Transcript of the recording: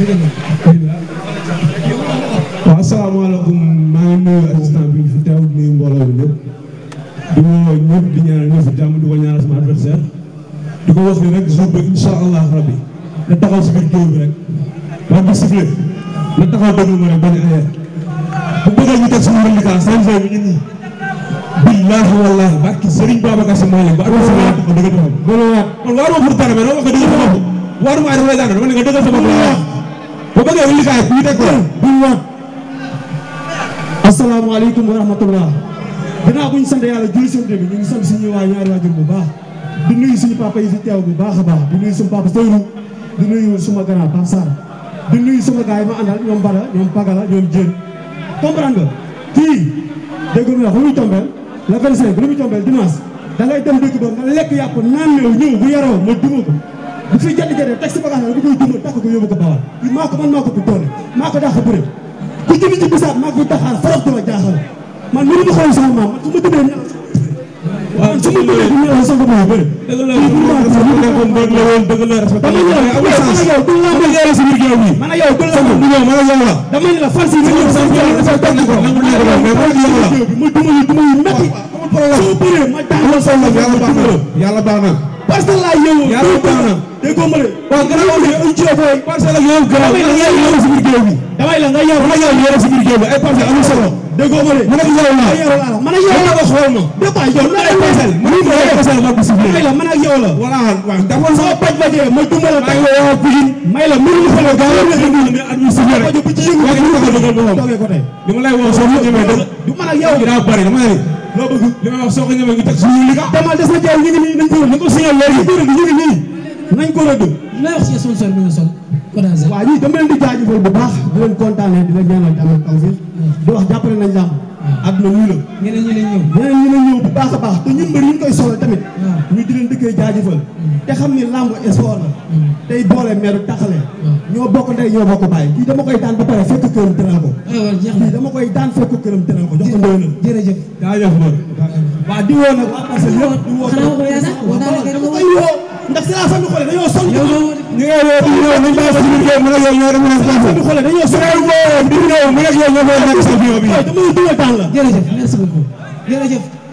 waaw asalaamaaleykum maa ngi nuyu assistant bi ñu fi teew nuyu mbooloo bi ñëpp di woo ñëpp di ñaanal ñëpp jàmm di ko ñaanal sama adversaire di ko wax ni rek jour bi incha allah rabbi na taxaw si biir géew bi rek wax bi sifflé a bu bëggee ñu teg suñu reliquat seen fay bi ñu nii billaahi wallaahi barki Serigne Babacar Sy Malick ba adversaire taxaw dëgg taxaw. loolu waat man waaruma pour dara mais dama ko dëgg sa bopp waaruma ay dama lay daan dama ne nga dëgg sa ñëw li kay ñu dégg ko buñ waat asalaamaaleykum wa rahmatullah dinaa buñ sant yàlla julli bi ñu ngi sant suñu waa ñaari waajur bu baax di nuyu suñu papa yi fi teew bu baax a baax di nuyu suñu papa di nuyu suma grand Pape Sarr di nuyu suma gars yi ma àndal ñoom Bala ñoom Pagala ñoom Dieng comprendre nga kii dégg nga wax lu muy tombeel le 25 lu muy tombeel dimanche da ngay dem dëkk ba lekk yàpp naan ñëw bu yaroo ma duma ko bu fi jënd jëndee teg si bagage bi da koy jënd takk ko yóbbu ko bawal maa ko man maa ko bu doole maa ko dàq bëri ku jënd ci bisaab maa ko taxaar forox duma jaaxal man mënu ma xool sama maam man su ma dëggee ña waaw su ma dëggee ñëw sama maam bëri dëgg la dëgg la woon dëgg la respecté dama ñëw amul sens yow du la ma yow si biir géew bi man yow du la ma yow man yow la dama ñu la fal si ñu sa yow dafa tànn ko man yow la mais man yow la ma duma yu duma yu metti su bëree ma daan la sama yàlla baax na parcelle laa yeewoo. yaa ngi taw na déggoo ma de. waaw gannaaw bi ay jéego yi parcelle ak yow gannaaw bi nga yeewoo si biir géew bi. damay la nga yeewoo nga yeewoo si biir géew bi ay parcelle amul solo. déggoo ma de mën na ko yeewoo naa yeewoo naa la mën na yeewoo naa ko xool ma. déggoo yow mën na ay parcelle mën na ay parcelle ma ko si biir. may la mën a yeewoo la. voilà waaw d' accord sama paj bajee ma dumbal ak yow waa Pikine. may la mënuñu ko la gaaw a nekk nii nga administré rek. waaw bu ci yëngu rek. waaw bu ci yëngu rek. li ma lay wax soo ko ñemee dama. du mën a yeewoo gi daa bari dama ne. loo bëgg li may wax soo ko ñëwee ñu teg suñu li nga. demal des na jaay ñu ngi nii nañ ko rëdd. nañ ko signal léegi ñu ngi nii nañ ko rëdd. lay wax si suñu sol bi nga sol. waaw ñii dama leen di jaajëfal bu baax di leen kontaanee di leen ñaanal di amal tawfiq di wax jàppale nañ làmb. Ah. àdduna ñuy la. ñeneen ñi baax a baax te ñun mbër yi ñu koy solo tamit ñu di leen dëkkee jaajëfal mm. te xam ni làmb espoir la mm. tey boole meeru taxale ñoo bokk ndey ñoo bokk bàyyi kii dama koy daan ba pare fekk këram tëral ko ah, kii dama koy daan fekk këram tëral ko jox ko ndóol jërëjëf jaajëf mbër waaw di woo nag waa parcelle yëpp di woo dama koy woo ndax c'est la famille xoole dañoo sonn ñu ngi woo di ñëw nañ bàyyi suñu liggéey mu ne yow ñoo remercié famille xoole dañoo sonn ñu woo di ñëw mu ne yow ñoo fay nekk sa bio bi damay dugal daan la jërëjëf merci beaucoup jërëjëf